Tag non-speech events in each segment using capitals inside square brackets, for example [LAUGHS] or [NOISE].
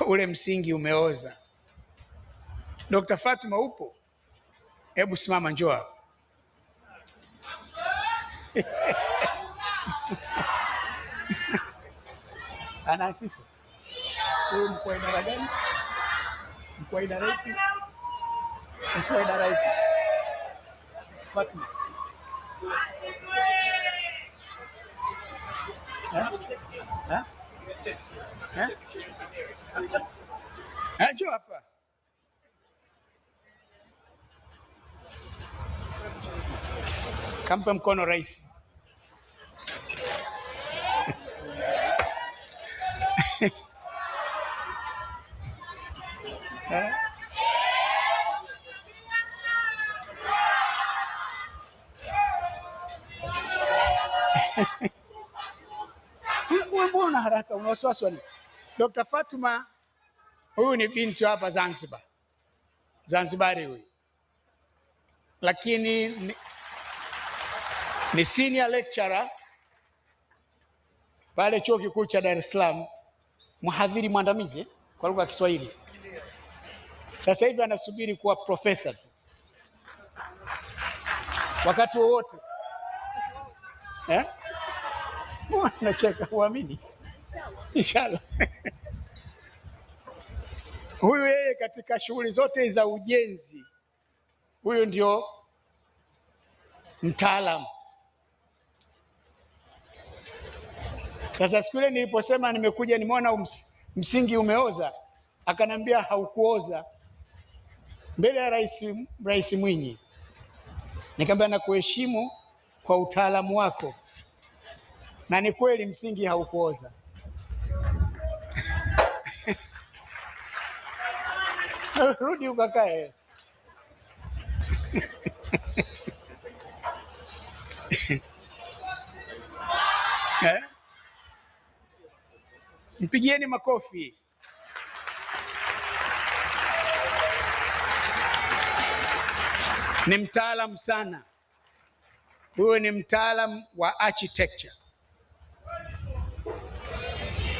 [LAUGHS] ule msingi umeoza. Dr. Fatima upo? Hebu simama, njoo hapa. [LAUGHS] Anaafisa huyu mkuu wa idara gani? Mkuu wa idara ipi? Mkuu wa idara ipi? Fatima. Ha? Ha? Njoo hapa. Kampa mkono rais. [LAUGHS] Mbona haraka una wasiwasi? Dr. Fatuma huyu ni binti hapa Zanzibar, Zanzibari huyu, lakini ni, ni senior lecturer pale chuo kikuu cha Dar es Salaam, mhadhiri mwandamizi eh, kwa lugha ya Kiswahili. Sasa hivi anasubiri kuwa profesa tu wakati wowote eh? Nacheka, huamini [LAUGHS] inshallah. [LAUGHS] Huyu yeye katika shughuli zote za ujenzi, huyu ndio mtaalamu. Sasa siku ile niliposema nimekuja nimeona ums, msingi umeoza, akanambia haukuoza, mbele ya rais, Rais Mwinyi. Nikamwambia nakuheshimu kwa utaalamu wako, na ni kweli msingi haukuoza. rudi ukakae. Eh? Mpigieni makofi. Ni mtaalamu sana huyu, ni mtaalamu wa architecture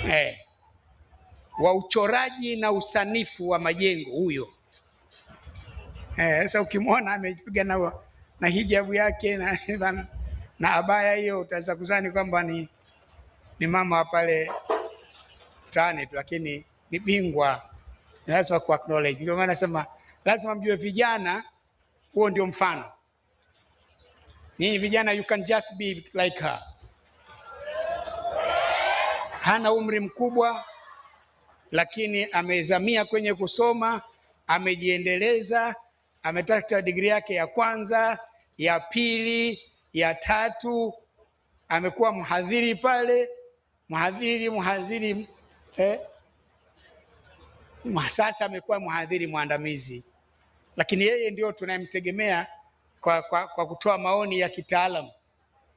eh wa uchoraji na usanifu wa majengo huyo. Eh, sasa ukimwona amejipiga na, na hijabu yake [LAUGHS] na, na abaya hiyo utaweza kuzani kwamba ni, ni mama wa pale tani tu, lakini ni bingwa. Lazima ku acknowledge. Ndio maana nasema lazima mjue vijana, huo ndio mfano. Nyinyi vijana, you can just be like her. Hana umri mkubwa lakini amezamia kwenye kusoma, amejiendeleza, ametafuta digrii yake ya kwanza, ya pili, ya tatu, amekuwa mhadhiri pale, mhadhiri mhadhiri eh. Sasa amekuwa mhadhiri mwandamizi, lakini yeye ndio tunayemtegemea kwa, kwa, kwa kutoa maoni ya kitaalamu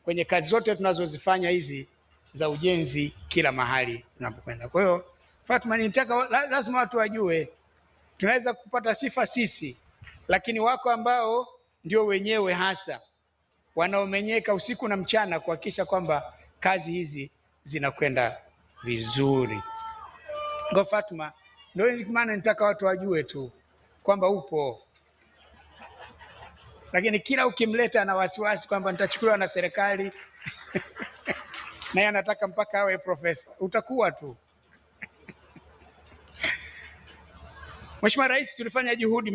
kwenye kazi zote tunazozifanya hizi za ujenzi kila mahali tunapokwenda. Kwa hiyo Fatma nitaka lazima watu wajue. Tunaweza kupata sifa sisi, lakini wako ambao ndio wenyewe hasa wanaomenyeka usiku na mchana kuhakikisha kwamba kazi hizi zinakwenda vizuri. Ngo Fatma, ndio maana nitaka watu wajue tu kwamba upo, lakini kila ukimleta na wasiwasi kwamba nitachukuliwa na serikali [LAUGHS] naye anataka mpaka awe profesa, utakuwa tu Mheshimiwa Rais, tulifanya juhudi